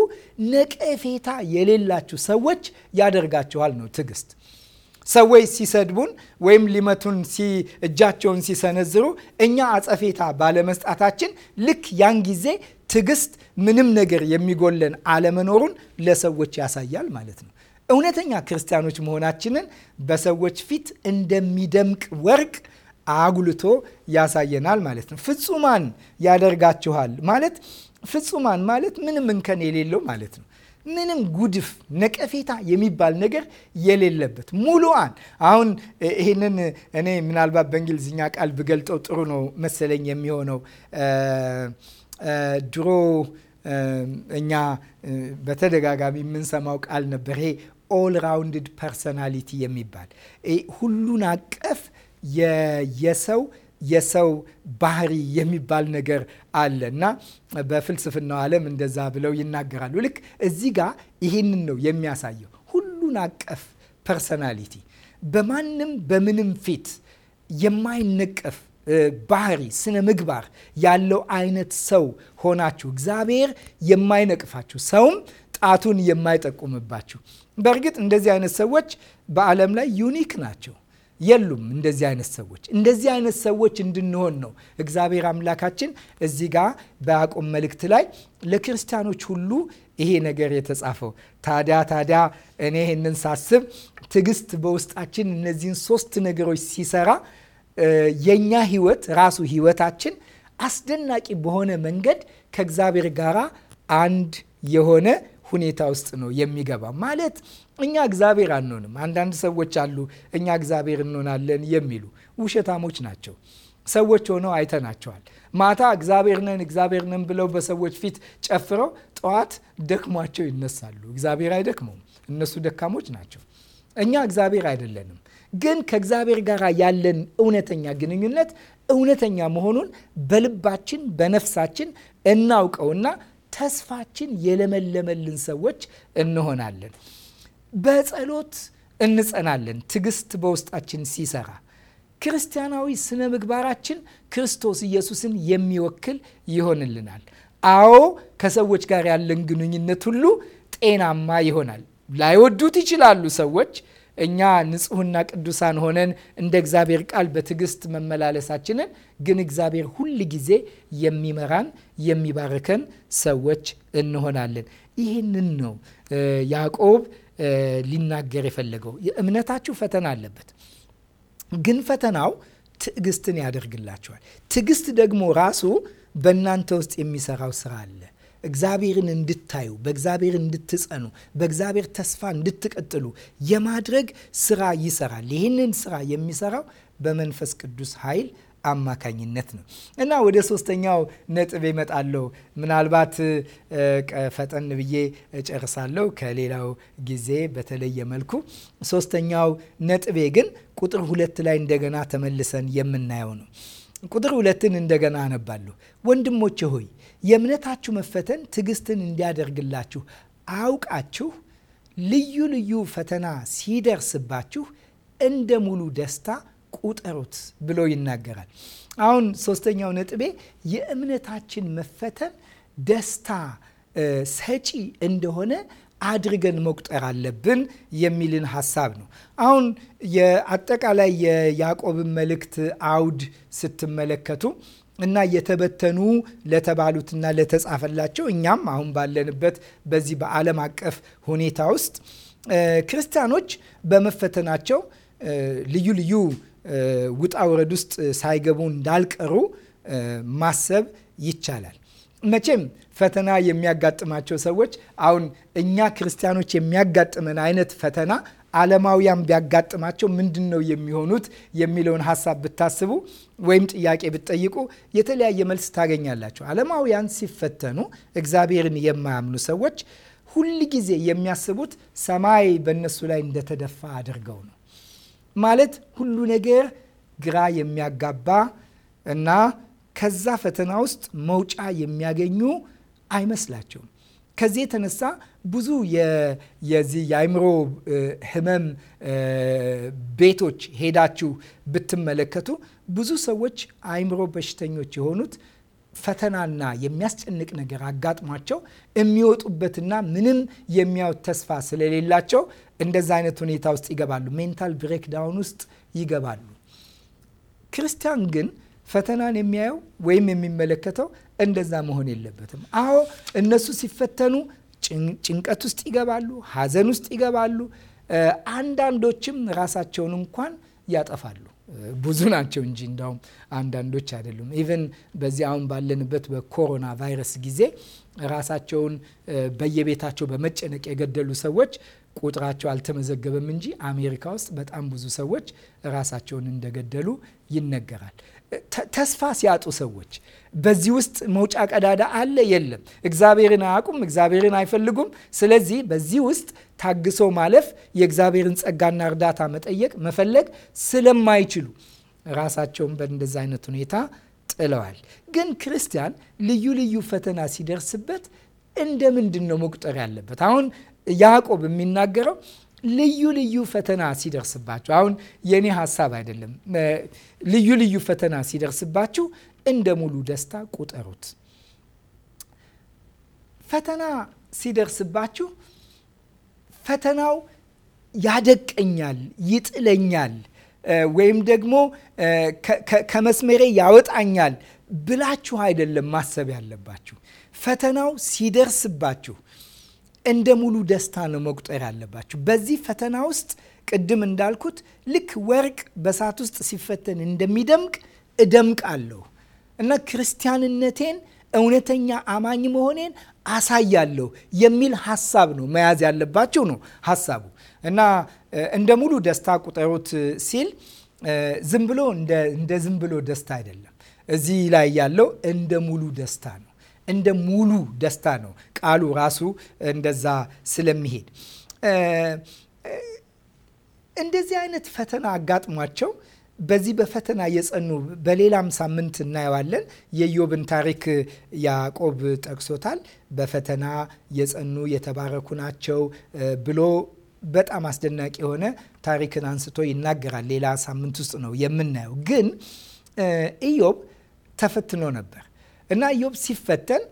Speaker 1: ነቀፌታ የሌላችሁ ሰዎች ያደርጋችኋል ነው ትዕግስት። ሰዎች ሲሰድቡን ወይም ሊመቱን እጃቸውን ሲሰነዝሩ እኛ አጸፌታ ባለመስጣታችን ልክ ያን ጊዜ ትዕግስት ምንም ነገር የሚጎለን አለመኖሩን ለሰዎች ያሳያል ማለት ነው። እውነተኛ ክርስቲያኖች መሆናችንን በሰዎች ፊት እንደሚደምቅ ወርቅ አጉልቶ ያሳየናል ማለት ነው። ፍጹማን ያደርጋችኋል ማለት ፍጹማን ማለት ምንም እንከን የሌለው ማለት ነው። ምንም ጉድፍ፣ ነቀፌታ የሚባል ነገር የሌለበት ሙሉአን። አሁን ይህንን እኔ ምናልባት በእንግሊዝኛ ቃል ብገልጠው ጥሩ ነው መሰለኝ የሚሆነው ድሮ እኛ በተደጋጋሚ የምንሰማው ቃል ነበር ይሄ ኦል ራውንድድ ፐርሰናሊቲ የሚባል ሁሉን አቀፍ የሰው የሰው ባህሪ የሚባል ነገር አለ እና በፍልስፍናው ዓለም እንደዛ ብለው ይናገራሉ። ልክ እዚህ ጋ ይህንን ነው የሚያሳየው። ሁሉን አቀፍ ፐርሰናሊቲ በማንም በምንም ፊት የማይነቀፍ ባህሪ፣ ስነ ምግባር ያለው አይነት ሰው ሆናችሁ እግዚአብሔር የማይነቅፋችሁ ሰውም ጣቱን የማይጠቁምባችሁ። በእርግጥ እንደዚህ አይነት ሰዎች በዓለም ላይ ዩኒክ ናቸው። የሉም እንደዚህ አይነት ሰዎች። እንደዚህ አይነት ሰዎች እንድንሆን ነው እግዚአብሔር አምላካችን እዚህ ጋር በያዕቆብ መልእክት ላይ ለክርስቲያኖች ሁሉ ይሄ ነገር የተጻፈው። ታዲያ ታዲያ እኔ ይህንን ሳስብ ትዕግስት በውስጣችን እነዚህን ሶስት ነገሮች ሲሰራ የእኛ ህይወት ራሱ ህይወታችን አስደናቂ በሆነ መንገድ ከእግዚአብሔር ጋር አንድ የሆነ ሁኔታ ውስጥ ነው የሚገባ። ማለት እኛ እግዚአብሔር አንሆንም። አንዳንድ ሰዎች አሉ እኛ እግዚአብሔር እንሆናለን የሚሉ ውሸታሞች ናቸው። ሰዎች ሆነው አይተናቸዋል። ማታ እግዚአብሔር ነን እግዚአብሔር ነን ብለው በሰዎች ፊት ጨፍረው ጠዋት ደክሟቸው ይነሳሉ። እግዚአብሔር አይደክመውም። እነሱ ደካሞች ናቸው። እኛ እግዚአብሔር አይደለንም። ግን ከእግዚአብሔር ጋር ያለን እውነተኛ ግንኙነት እውነተኛ መሆኑን በልባችን በነፍሳችን እናውቀውና ተስፋችን የለመለመልን ሰዎች እንሆናለን። በጸሎት እንጸናለን። ትዕግስት በውስጣችን ሲሰራ ክርስቲያናዊ ስነ ምግባራችን ክርስቶስ ኢየሱስን የሚወክል ይሆንልናል። አዎ ከሰዎች ጋር ያለን ግንኙነት ሁሉ ጤናማ ይሆናል። ላይወዱት ይችላሉ ሰዎች እኛ ንጹህና ቅዱሳን ሆነን እንደ እግዚአብሔር ቃል በትዕግስት መመላለሳችንን ግን እግዚአብሔር ሁል ጊዜ የሚመራን የሚባርከን ሰዎች እንሆናለን። ይህንን ነው ያዕቆብ ሊናገር የፈለገው። የእምነታችሁ ፈተና አለበት፣ ግን ፈተናው ትዕግስትን ያደርግላቸዋል ትዕግስት ደግሞ ራሱ በእናንተ ውስጥ የሚሰራው ስራ አለ እግዚአብሔርን እንድታዩ፣ በእግዚአብሔር እንድትጸኑ፣ በእግዚአብሔር ተስፋ እንድትቀጥሉ የማድረግ ስራ ይሰራል። ይህንን ስራ የሚሰራው በመንፈስ ቅዱስ ኃይል አማካኝነት ነው እና ወደ ሶስተኛው ነጥብ እመጣለሁ። ምናልባት ፈጠን ብዬ እጨርሳለሁ ከሌላው ጊዜ በተለየ መልኩ። ሶስተኛው ነጥቤ ግን ቁጥር ሁለት ላይ እንደገና ተመልሰን የምናየው ነው። ቁጥር ሁለትን እንደገና አነባለሁ። ወንድሞቼ ሆይ የእምነታችሁ መፈተን ትዕግስትን እንዲያደርግላችሁ አውቃችሁ ልዩ ልዩ ፈተና ሲደርስባችሁ እንደ ሙሉ ደስታ ቁጠሩት ብሎ ይናገራል። አሁን ሶስተኛው ነጥቤ የእምነታችን መፈተን ደስታ ሰጪ እንደሆነ አድርገን መቁጠር አለብን የሚልን ሀሳብ ነው። አሁን የአጠቃላይ የያዕቆብን መልእክት አውድ ስትመለከቱ እና የተበተኑ ለተባሉትና ለተጻፈላቸው እኛም አሁን ባለንበት በዚህ በዓለም አቀፍ ሁኔታ ውስጥ ክርስቲያኖች በመፈተናቸው ልዩ ልዩ ውጣ ውረድ ውስጥ ሳይገቡ እንዳልቀሩ ማሰብ ይቻላል። መቼም ፈተና የሚያጋጥማቸው ሰዎች አሁን እኛ ክርስቲያኖች የሚያጋጥመን አይነት ፈተና ዓለማውያን ቢያጋጥማቸው ምንድን ነው የሚሆኑት የሚለውን ሀሳብ ብታስቡ ወይም ጥያቄ ብትጠይቁ የተለያየ መልስ ታገኛላቸው። ዓለማውያን ሲፈተኑ እግዚአብሔርን የማያምኑ ሰዎች ሁል ጊዜ የሚያስቡት ሰማይ በእነሱ ላይ እንደተደፋ አድርገው ነው። ማለት ሁሉ ነገር ግራ የሚያጋባ እና ከዛ ፈተና ውስጥ መውጫ የሚያገኙ አይመስላቸውም። ከዚህ የተነሳ ብዙ የዚህ የአእምሮ ህመም ቤቶች ሄዳችሁ ብትመለከቱ ብዙ ሰዎች አእምሮ በሽተኞች የሆኑት ፈተናና የሚያስጨንቅ ነገር አጋጥሟቸው የሚወጡበትና ምንም የሚያዩት ተስፋ ስለሌላቸው እንደዛ አይነት ሁኔታ ውስጥ ይገባሉ። ሜንታል ብሬክዳውን ውስጥ ይገባሉ። ክርስቲያን ግን ፈተናን የሚያየው ወይም የሚመለከተው እንደዛ መሆን የለበትም። አዎ እነሱ ሲፈተኑ ጭንቀት ውስጥ ይገባሉ፣ ሐዘን ውስጥ ይገባሉ። አንዳንዶችም ራሳቸውን እንኳን ያጠፋሉ። ብዙ ናቸው እንጂ እንዳውም አንዳንዶች አይደሉም። ኢቨን በዚህ አሁን ባለንበት በኮሮና ቫይረስ ጊዜ ራሳቸውን በየቤታቸው በመጨነቅ የገደሉ ሰዎች ቁጥራቸው አልተመዘገበም እንጂ አሜሪካ ውስጥ በጣም ብዙ ሰዎች ራሳቸውን እንደገደሉ ይነገራል። ተስፋ ሲያጡ ሰዎች በዚህ ውስጥ መውጫ ቀዳዳ አለ የለም። እግዚአብሔርን አያውቁም፣ እግዚአብሔርን አይፈልጉም። ስለዚህ በዚህ ውስጥ ታግሶ ማለፍ፣ የእግዚአብሔርን ጸጋና እርዳታ መጠየቅ፣ መፈለግ ስለማይችሉ ራሳቸውን በእንደዚ አይነት ሁኔታ ጥለዋል። ግን ክርስቲያን ልዩ ልዩ ፈተና ሲደርስበት እንደ ምንድን ነው መቁጠር ያለበት? አሁን ያዕቆብ የሚናገረው ልዩ ልዩ ፈተና ሲደርስባችሁ፣ አሁን የኔ ሀሳብ አይደለም። ልዩ ልዩ ፈተና ሲደርስባችሁ እንደ ሙሉ ደስታ ቁጠሩት። ፈተና ሲደርስባችሁ ፈተናው ያደቀኛል፣ ይጥለኛል፣ ወይም ደግሞ ከመስመሬ ያወጣኛል ብላችሁ አይደለም ማሰብ ያለባችሁ። ፈተናው ሲደርስባችሁ እንደ ሙሉ ደስታ ነው መቁጠር ያለባችሁ። በዚህ ፈተና ውስጥ ቅድም እንዳልኩት ልክ ወርቅ በእሳት ውስጥ ሲፈተን እንደሚደምቅ እደምቃለሁ እና ክርስቲያንነቴን፣ እውነተኛ አማኝ መሆኔን አሳያለሁ የሚል ሀሳብ ነው መያዝ ያለባችሁ ነው ሀሳቡ እና እንደ ሙሉ ደስታ ቁጠሩት ሲል ዝም ብሎ እንደ ዝም ብሎ ደስታ አይደለም። እዚህ ላይ ያለው እንደ ሙሉ ደስታ ነው። እንደ ሙሉ ደስታ ነው ቃሉ ራሱ እንደዛ ስለሚሄድ እንደዚህ አይነት ፈተና አጋጥሟቸው በዚህ በፈተና የጸኑ በሌላም ሳምንት እናየዋለን። የዮብን ታሪክ ያዕቆብ ጠቅሶታል። በፈተና የጸኑ የተባረኩ ናቸው ብሎ በጣም አስደናቂ የሆነ ታሪክን አንስቶ ይናገራል። ሌላ ሳምንት ውስጥ ነው የምናየው። ግን ኢዮብ ተፈትኖ ነበር። እና ኢዮብ ሲፈተን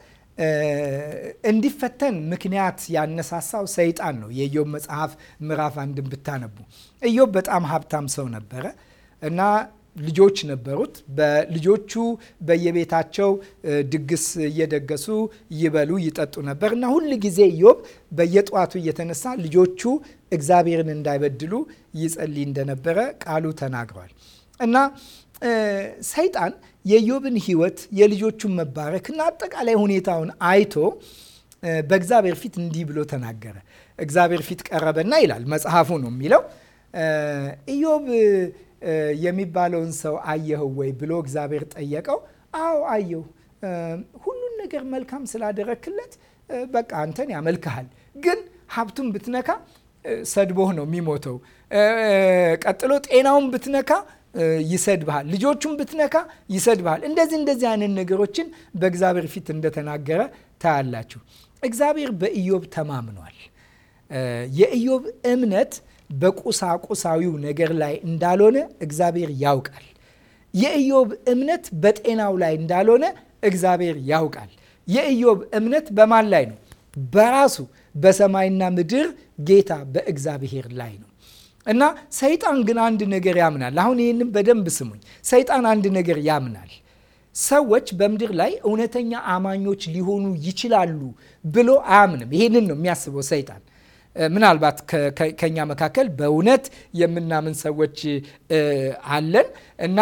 Speaker 1: እንዲፈተን ምክንያት ያነሳሳው ሰይጣን ነው። የኢዮብ መጽሐፍ ምዕራፍ አንድን ብታነቡ ኢዮብ በጣም ሀብታም ሰው ነበረ እና ልጆች ነበሩት። በልጆቹ በየቤታቸው ድግስ እየደገሱ ይበሉ ይጠጡ ነበር እና ሁል ጊዜ ኢዮብ በየጠዋቱ እየተነሳ ልጆቹ እግዚአብሔርን እንዳይበድሉ ይጸልይ እንደነበረ ቃሉ ተናግሯል እና ሰይጣን የኢዮብን ህይወት የልጆቹን መባረክ እና አጠቃላይ ሁኔታውን አይቶ በእግዚአብሔር ፊት እንዲህ ብሎ ተናገረ። እግዚአብሔር ፊት ቀረበና ይላል መጽሐፉ ነው የሚለው ኢዮብ የሚባለውን ሰው አየኸው ወይ ብሎ እግዚአብሔር ጠየቀው። አዎ አየሁ፣ ሁሉን ነገር መልካም ስላደረክለት በቃ አንተን ያመልክሃል፣ ግን ሀብቱን ብትነካ ሰድቦህ ነው የሚሞተው። ቀጥሎ ጤናውን ብትነካ ይሰድብሃል፣ ልጆቹን ብትነካ ይሰድብሃል። እንደዚህ እንደዚህ አይነት ነገሮችን በእግዚአብሔር ፊት እንደተናገረ ታያላችሁ። እግዚአብሔር በኢዮብ ተማምኗል። የኢዮብ እምነት በቁሳቁሳዊው ነገር ላይ እንዳልሆነ እግዚአብሔር ያውቃል። የኢዮብ እምነት በጤናው ላይ እንዳልሆነ እግዚአብሔር ያውቃል። የኢዮብ እምነት በማን ላይ ነው? በራሱ በሰማይና ምድር ጌታ በእግዚአብሔር ላይ ነው። እና ሰይጣን ግን አንድ ነገር ያምናል። አሁን ይህንም በደንብ ስሙኝ። ሰይጣን አንድ ነገር ያምናል። ሰዎች በምድር ላይ እውነተኛ አማኞች ሊሆኑ ይችላሉ ብሎ አያምንም። ይህንን ነው የሚያስበው ሰይጣን። ምናልባት ከኛ መካከል በእውነት የምናምን ሰዎች አለን እና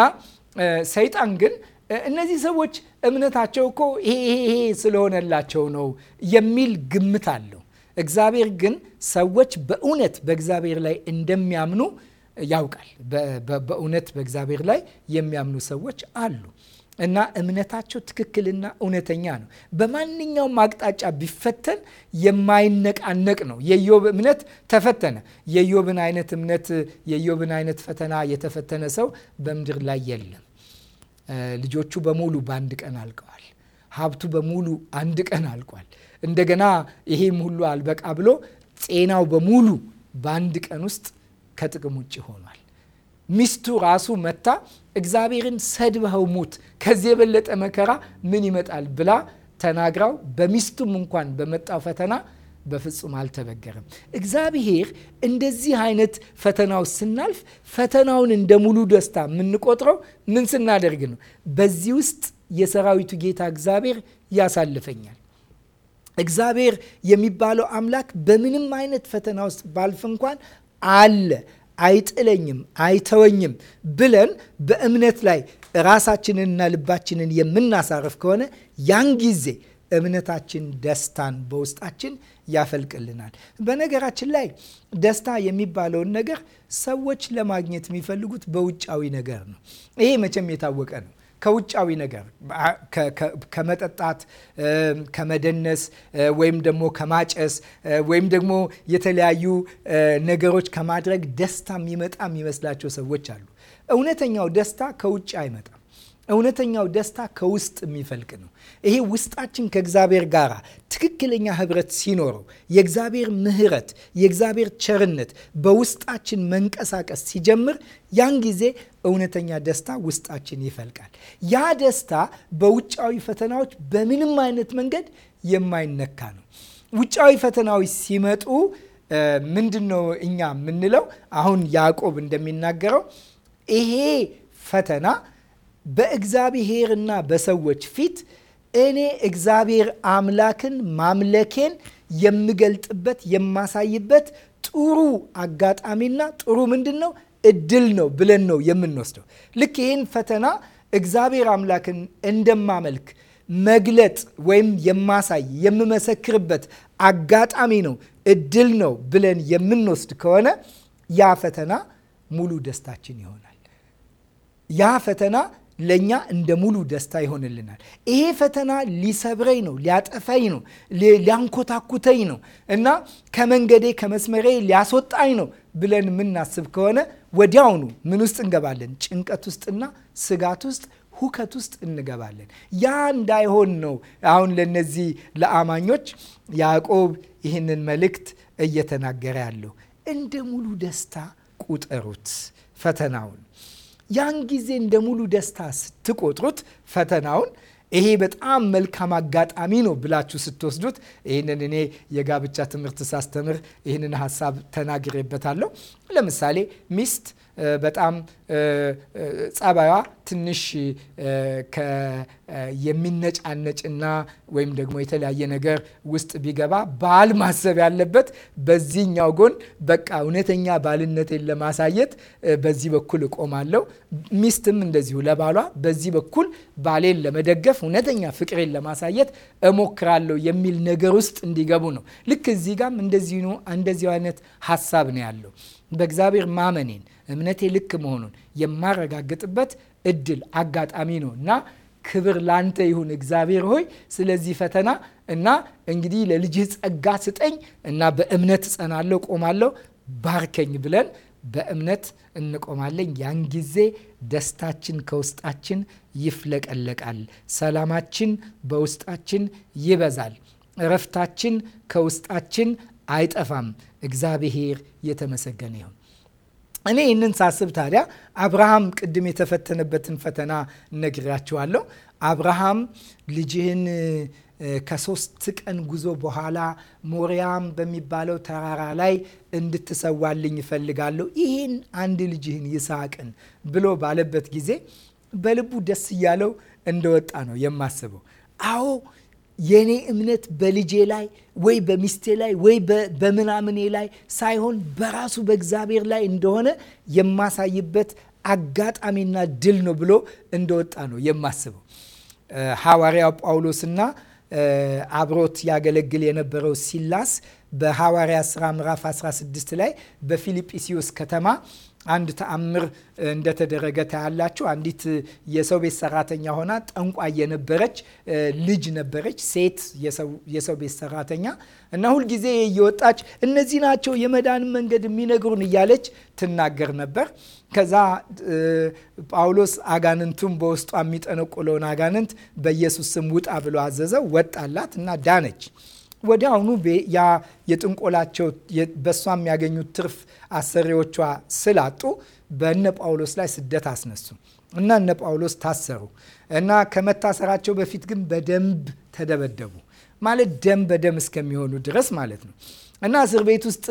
Speaker 1: ሰይጣን ግን እነዚህ ሰዎች እምነታቸው እኮ ይሄ ይሄ ስለሆነላቸው ነው የሚል ግምት አለው እግዚአብሔር ግን ሰዎች በእውነት በእግዚአብሔር ላይ እንደሚያምኑ ያውቃል። በእውነት በእግዚአብሔር ላይ የሚያምኑ ሰዎች አሉ እና እምነታቸው ትክክልና እውነተኛ ነው። በማንኛውም አቅጣጫ ቢፈተን የማይነቃነቅ ነው። የዮብ እምነት ተፈተነ። የዮብን አይነት እምነት የዮብን አይነት ፈተና የተፈተነ ሰው በምድር ላይ የለም። ልጆቹ በሙሉ በአንድ ቀን አልቀዋል። ሀብቱ በሙሉ አንድ ቀን አልቋል። እንደገና ይሄም ሁሉ አልበቃ ብሎ ጤናው በሙሉ በአንድ ቀን ውስጥ ከጥቅም ውጭ ሆኗል። ሚስቱ ራሱ መታ እግዚአብሔርን ሰድበኸው ሙት፣ ከዚህ የበለጠ መከራ ምን ይመጣል ብላ ተናግራው በሚስቱም እንኳን በመጣው ፈተና በፍጹም አልተበገረም። እግዚአብሔር እንደዚህ አይነት ፈተናው ስናልፍ ፈተናውን እንደ ሙሉ ደስታ የምንቆጥረው ምን ስናደርግ ነው? በዚህ ውስጥ የሰራዊቱ ጌታ እግዚአብሔር ያሳልፈኛል እግዚአብሔር የሚባለው አምላክ በምንም አይነት ፈተና ውስጥ ባልፍ እንኳን አለ፣ አይጥለኝም፣ አይተወኝም ብለን በእምነት ላይ ራሳችንንና ልባችንን የምናሳርፍ ከሆነ ያን ጊዜ እምነታችን ደስታን በውስጣችን ያፈልቅልናል። በነገራችን ላይ ደስታ የሚባለውን ነገር ሰዎች ለማግኘት የሚፈልጉት በውጫዊ ነገር ነው። ይሄ መቼም የታወቀ ነው። ከውጫዊ ነገር ከመጠጣት፣ ከመደነስ ወይም ደግሞ ከማጨስ ወይም ደግሞ የተለያዩ ነገሮች ከማድረግ ደስታ የሚመጣ የሚመስላቸው ሰዎች አሉ። እውነተኛው ደስታ ከውጭ አይመጣም። እውነተኛው ደስታ ከውስጥ የሚፈልቅ ነው። ይሄ ውስጣችን ከእግዚአብሔር ጋር ትክክለኛ ህብረት ሲኖረው የእግዚአብሔር ምህረት የእግዚአብሔር ቸርነት በውስጣችን መንቀሳቀስ ሲጀምር ያን ጊዜ እውነተኛ ደስታ ውስጣችን ይፈልቃል። ያ ደስታ በውጫዊ ፈተናዎች በምንም አይነት መንገድ የማይነካ ነው። ውጫዊ ፈተናዎች ሲመጡ ምንድን ነው እኛ የምንለው? አሁን ያዕቆብ እንደሚናገረው ይሄ ፈተና በእግዚአብሔርና በሰዎች ፊት እኔ እግዚአብሔር አምላክን ማምለኬን የምገልጥበት የማሳይበት ጥሩ አጋጣሚና ጥሩ ምንድን ነው እድል ነው ብለን ነው የምንወስደው። ልክ ይህን ፈተና እግዚአብሔር አምላክን እንደማመልክ መግለጥ ወይም የማሳይ የምመሰክርበት አጋጣሚ ነው እድል ነው ብለን የምንወስድ ከሆነ ያ ፈተና ሙሉ ደስታችን ይሆናል። ያ ፈተና ለእኛ እንደ ሙሉ ደስታ ይሆንልናል። ይሄ ፈተና ሊሰብረኝ ነው፣ ሊያጠፋኝ ነው፣ ሊያንኮታኩተኝ ነው እና ከመንገዴ ከመስመሬ ሊያስወጣኝ ነው ብለን የምናስብ ከሆነ ወዲያውኑ ምን ውስጥ እንገባለን? ጭንቀት ውስጥና ስጋት ውስጥ ሁከት ውስጥ እንገባለን። ያ እንዳይሆን ነው አሁን ለነዚህ ለአማኞች ያዕቆብ ይህንን መልእክት እየተናገረ ያለው እንደ ሙሉ ደስታ ቁጠሩት ፈተናውን ያን ጊዜ እንደ ሙሉ ደስታ ስትቆጥሩት ፈተናውን ይሄ በጣም መልካም አጋጣሚ ነው ብላችሁ ስትወስዱት፣ ይህንን እኔ የጋብቻ ትምህርት ሳስተምር ይህንን ሀሳብ ተናግሬበታለሁ። ለምሳሌ ሚስት በጣም ጸባይዋ ትንሽ የሚነጫነጭና ወይም ደግሞ የተለያየ ነገር ውስጥ ቢገባ ባል ማሰብ ያለበት በዚህኛው ጎን በቃ እውነተኛ ባልነቴን ለማሳየት በዚህ በኩል እቆማለሁ። ሚስትም እንደዚሁ ለባሏ በዚህ በኩል ባሌን ለመደገፍ እውነተኛ ፍቅሬን ለማሳየት እሞክራለሁ የሚል ነገር ውስጥ እንዲገቡ ነው። ልክ እዚህ ጋም እንደዚሁ እንደዚሁ አይነት ሀሳብ ነው ያለው። በእግዚአብሔር ማመኔን እምነቴ ልክ መሆኑን የማረጋግጥበት እድል አጋጣሚ ነው እና ክብር ላንተ ይሁን እግዚአብሔር ሆይ ስለዚህ ፈተና እና እንግዲህ ለልጅህ ጸጋ ስጠኝ እና በእምነት እጸናለሁ ቆማለሁ ባርከኝ ብለን በእምነት እንቆማለን። ያን ጊዜ ደስታችን ከውስጣችን ይፍለቀለቃል፣ ሰላማችን በውስጣችን ይበዛል፣ እረፍታችን ከውስጣችን አይጠፋም። እግዚአብሔር የተመሰገነ ይሁን። እኔ ይህንን ሳስብ ታዲያ አብርሃም ቅድም የተፈተነበትን ፈተና ነግራችኋለሁ። አብርሃም ልጅህን ከሶስት ቀን ጉዞ በኋላ ሞሪያም በሚባለው ተራራ ላይ እንድትሰዋልኝ እፈልጋለሁ ይህን አንድ ልጅህን ይስሐቅን ብሎ ባለበት ጊዜ በልቡ ደስ እያለው እንደወጣ ነው የማስበው። አዎ የኔ እምነት በልጄ ላይ ወይ በሚስቴ ላይ ወይ በምናምኔ ላይ ሳይሆን በራሱ በእግዚአብሔር ላይ እንደሆነ የማሳይበት አጋጣሚና ድል ነው ብሎ እንደወጣ ነው የማስበው። ሐዋርያው ጳውሎስና አብሮት ያገለግል የነበረው ሲላስ በሐዋርያ ሥራ ምዕራፍ 16 ላይ በፊልጵስዩስ ከተማ አንድ ተአምር እንደተደረገ ታያላችሁ። አንዲት የሰው ቤት ሰራተኛ ሆና ጠንቋ የነበረች ልጅ ነበረች፣ ሴት የሰው ቤት ሰራተኛ እና ሁልጊዜ እየወጣች እነዚህ ናቸው የመዳን መንገድ የሚነግሩን እያለች ትናገር ነበር። ከዛ ጳውሎስ አጋንንቱን በውስጧ የሚጠነቁለውን አጋንንት በኢየሱስ ስም ውጣ ብሎ አዘዘው። ወጣላት እና ዳነች። ወደ አሁኑ ያ የጥንቆላቸው በእሷ የሚያገኙት ትርፍ አሰሪዎቿ ስላጡ በእነ ጳውሎስ ላይ ስደት አስነሱ እና እነ ጳውሎስ ታሰሩ እና ከመታሰራቸው በፊት ግን በደንብ ተደበደቡ። ማለት ደም በደም እስከሚሆኑ ድረስ ማለት ነው። እና እስር ቤት ውስጥ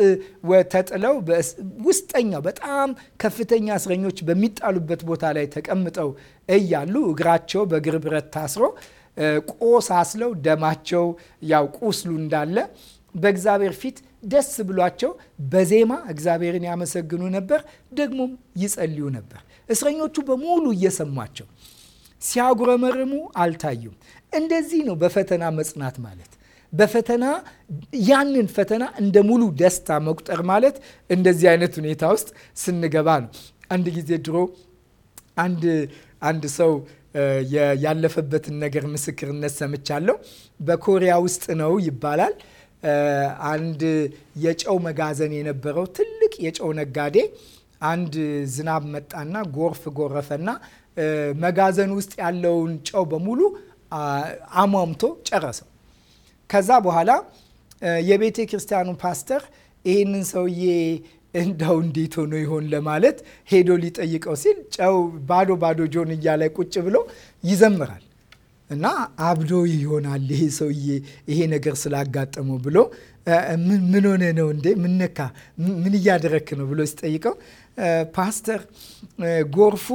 Speaker 1: ተጥለው ውስጠኛው በጣም ከፍተኛ እስረኞች በሚጣሉበት ቦታ ላይ ተቀምጠው እያሉ እግራቸው በግር ብረት ታስሮ ቆሳስለው ደማቸው ያው ቁስሉ እንዳለ በእግዚአብሔር ፊት ደስ ብሏቸው በዜማ እግዚአብሔርን ያመሰግኑ ነበር፣ ደግሞም ይጸልዩ ነበር። እስረኞቹ በሙሉ እየሰሟቸው ሲያጉረመርሙ አልታዩም። እንደዚህ ነው በፈተና መጽናት ማለት። በፈተና ያንን ፈተና እንደ ሙሉ ደስታ መቁጠር ማለት እንደዚህ አይነት ሁኔታ ውስጥ ስንገባ ነው። አንድ ጊዜ ድሮ አንድ አንድ ሰው ያለፈበትን ነገር ምስክርነት ሰምቻለሁ። በኮሪያ ውስጥ ነው ይባላል። አንድ የጨው መጋዘን የነበረው ትልቅ የጨው ነጋዴ አንድ ዝናብ መጣና ጎርፍ ጎረፈና መጋዘን ውስጥ ያለውን ጨው በሙሉ አሟምቶ ጨረሰው። ከዛ በኋላ የቤተ ክርስቲያኑ ፓስተር ይህንን ሰውዬ እንዳው እንዴት ሆኖ ይሆን ለማለት ሄዶ ሊጠይቀው ሲል ጨው ባዶ ባዶ ጆንያ ላይ ቁጭ ብሎ ይዘምራል እና አብዶ ይሆናል ይሄ ሰውዬ ይሄ ነገር ስላጋጠመው ብሎ ምን ሆነ ነው እንዴ ምነካ ምን እያደረክ ነው ብሎ ሲጠይቀው ፓስተር ጎርፉ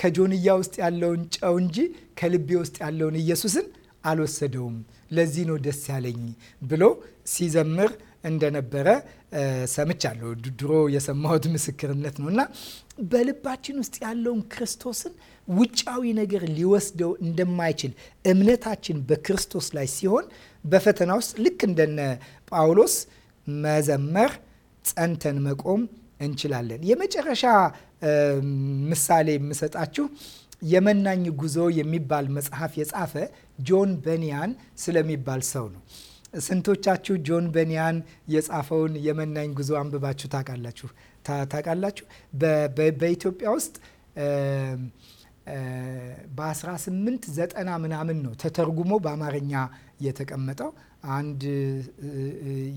Speaker 1: ከጆንያ ውስጥ ያለውን ጨው እንጂ ከልቤ ውስጥ ያለውን ኢየሱስን አልወሰደውም ለዚህ ነው ደስ ያለኝ ብሎ ሲዘምር እንደነበረ ሰምቻለሁ። ድሮ የሰማሁት ምስክርነት ነው እና በልባችን ውስጥ ያለውን ክርስቶስን ውጫዊ ነገር ሊወስደው እንደማይችል እምነታችን በክርስቶስ ላይ ሲሆን በፈተና ውስጥ ልክ እንደነ ጳውሎስ መዘመር፣ ጸንተን መቆም እንችላለን። የመጨረሻ ምሳሌ የምሰጣችሁ የመናኝ ጉዞ የሚባል መጽሐፍ የጻፈ ጆን በኒያን ስለሚባል ሰው ነው። ስንቶቻችሁ ጆን በኒያን የጻፈውን የመናኝ ጉዞ አንብባችሁ ታውቃላችሁ? ታውቃላችሁ በኢትዮጵያ ውስጥ በ ዘጠና ምናምን ነው ተተርጉሞ በአማርኛ የተቀመጠው። አንድ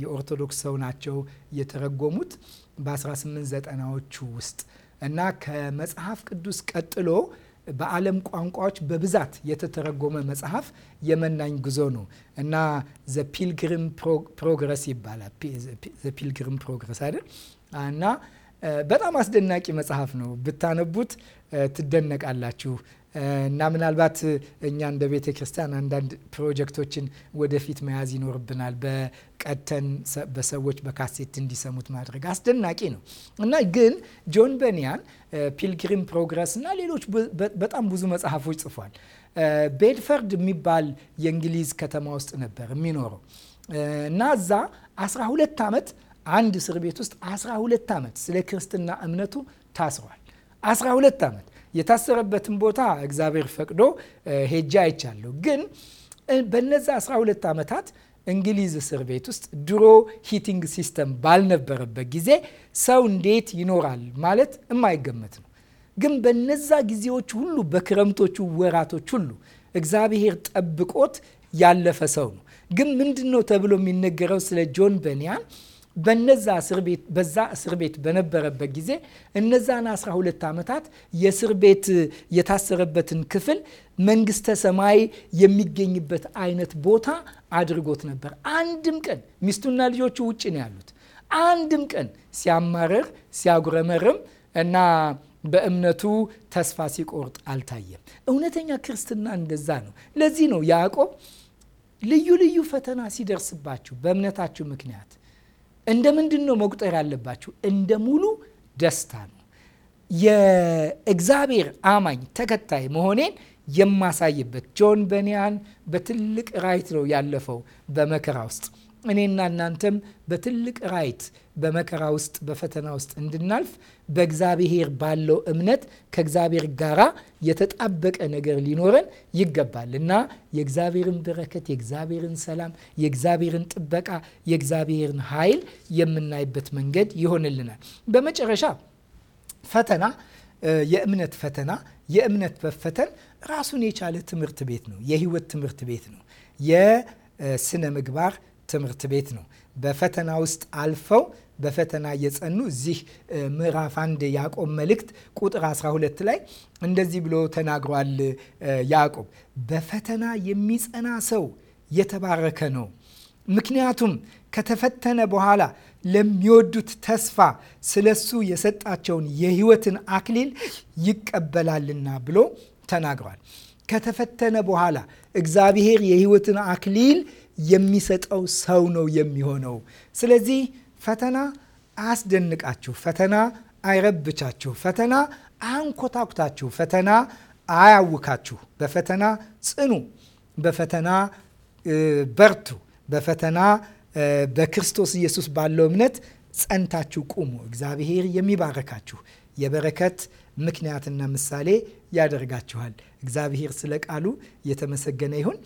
Speaker 1: የኦርቶዶክስ ሰው ናቸው የተረጎሙት በ1890ዎቹ ውስጥ እና ከመጽሐፍ ቅዱስ ቀጥሎ በዓለም ቋንቋዎች በብዛት የተተረጎመ መጽሐፍ የመናኝ ጉዞ ነው እና ዘ ፒልግሪም ፕሮግረስ ይባላል። ዘ ፒልግሪም ፕሮግረስ አይደል እና በጣም አስደናቂ መጽሐፍ ነው። ብታነቡት ትደነቃላችሁ። እና ምናልባት እኛ እንደ ቤተ ክርስቲያን አንዳንድ ፕሮጀክቶችን ወደፊት መያዝ ይኖርብናል። በቀተን በሰዎች በካሴት እንዲሰሙት ማድረግ አስደናቂ ነው እና ግን ጆን በኒያን ፒልግሪም ፕሮግረስ እና ሌሎች በጣም ብዙ መጽሐፎች ጽፏል። ቤድፈርድ የሚባል የእንግሊዝ ከተማ ውስጥ ነበር የሚኖረው እና እዛ 12 ዓመት አንድ እስር ቤት ውስጥ 12 ዓመት ስለ ክርስትና እምነቱ ታስሯል። 12 ዓመት የታሰረበትን ቦታ እግዚአብሔር ፈቅዶ ሄጄ አይቻለሁ። ግን በነዛ 12 ዓመታት እንግሊዝ እስር ቤት ውስጥ ድሮ ሂቲንግ ሲስተም ባልነበረበት ጊዜ ሰው እንዴት ይኖራል ማለት የማይገመት ነው። ግን በነዛ ጊዜዎች ሁሉ በክረምቶቹ ወራቶች ሁሉ እግዚአብሔር ጠብቆት ያለፈ ሰው ነው። ግን ምንድን ነው ተብሎ የሚነገረው ስለ ጆን በኒያን በነዛ እስር ቤት በዛ እስር ቤት በነበረበት ጊዜ እነዛን 12 ዓመታት የእስር ቤት የታሰረበትን ክፍል መንግስተ ሰማይ የሚገኝበት አይነት ቦታ አድርጎት ነበር። አንድም ቀን ሚስቱና ልጆቹ ውጭ ነው ያሉት። አንድም ቀን ሲያማርር ሲያጉረመርም እና በእምነቱ ተስፋ ሲቆርጥ አልታየም። እውነተኛ ክርስትና እንደዛ ነው። ለዚህ ነው ያዕቆብ ልዩ ልዩ ፈተና ሲደርስባችሁ በእምነታችሁ ምክንያት እንደ ምንድን ነው መቁጠር ያለባችሁ? እንደ ሙሉ ደስታ ነው። የእግዚአብሔር አማኝ ተከታይ መሆኔን የማሳይበት ጆን በኒያን በትልቅ ራይት ነው ያለፈው በመከራ ውስጥ እኔና እናንተም በትልቅ ራይት በመከራ ውስጥ በፈተና ውስጥ እንድናልፍ በእግዚአብሔር ባለው እምነት ከእግዚአብሔር ጋራ የተጣበቀ ነገር ሊኖረን ይገባል እና የእግዚአብሔርን በረከት፣ የእግዚአብሔርን ሰላም፣ የእግዚአብሔርን ጥበቃ፣ የእግዚአብሔርን ኃይል የምናይበት መንገድ ይሆንልናል። በመጨረሻ ፈተና የእምነት ፈተና የእምነት መፈተን ራሱን የቻለ ትምህርት ቤት ነው። የህይወት ትምህርት ቤት ነው። የስነ ምግባር ትምህርት ቤት ነው። በፈተና ውስጥ አልፈው በፈተና እየጸኑ እዚህ ምዕራፍ አንድ ያዕቆብ መልእክት ቁጥር 12 ላይ እንደዚህ ብሎ ተናግሯል። ያዕቆብ በፈተና የሚጸና ሰው የተባረከ ነው፣ ምክንያቱም ከተፈተነ በኋላ ለሚወዱት ተስፋ ስለሱ የሰጣቸውን የሕይወትን አክሊል ይቀበላልና ብሎ ተናግሯል። ከተፈተነ በኋላ እግዚአብሔር የሕይወትን አክሊል የሚሰጠው ሰው ነው የሚሆነው። ስለዚህ ፈተና አያስደንቃችሁ፣ ፈተና አይረብቻችሁ፣ ፈተና አያንኮታኩታችሁ፣ ፈተና አያውካችሁ። በፈተና ጽኑ፣ በፈተና በርቱ፣ በፈተና በክርስቶስ ኢየሱስ ባለው እምነት ጸንታችሁ ቁሙ። እግዚአብሔር የሚባረካችሁ የበረከት ምክንያትና ምሳሌ ያደርጋችኋል። እግዚአብሔር ስለ ቃሉ የተመሰገነ ይሁን።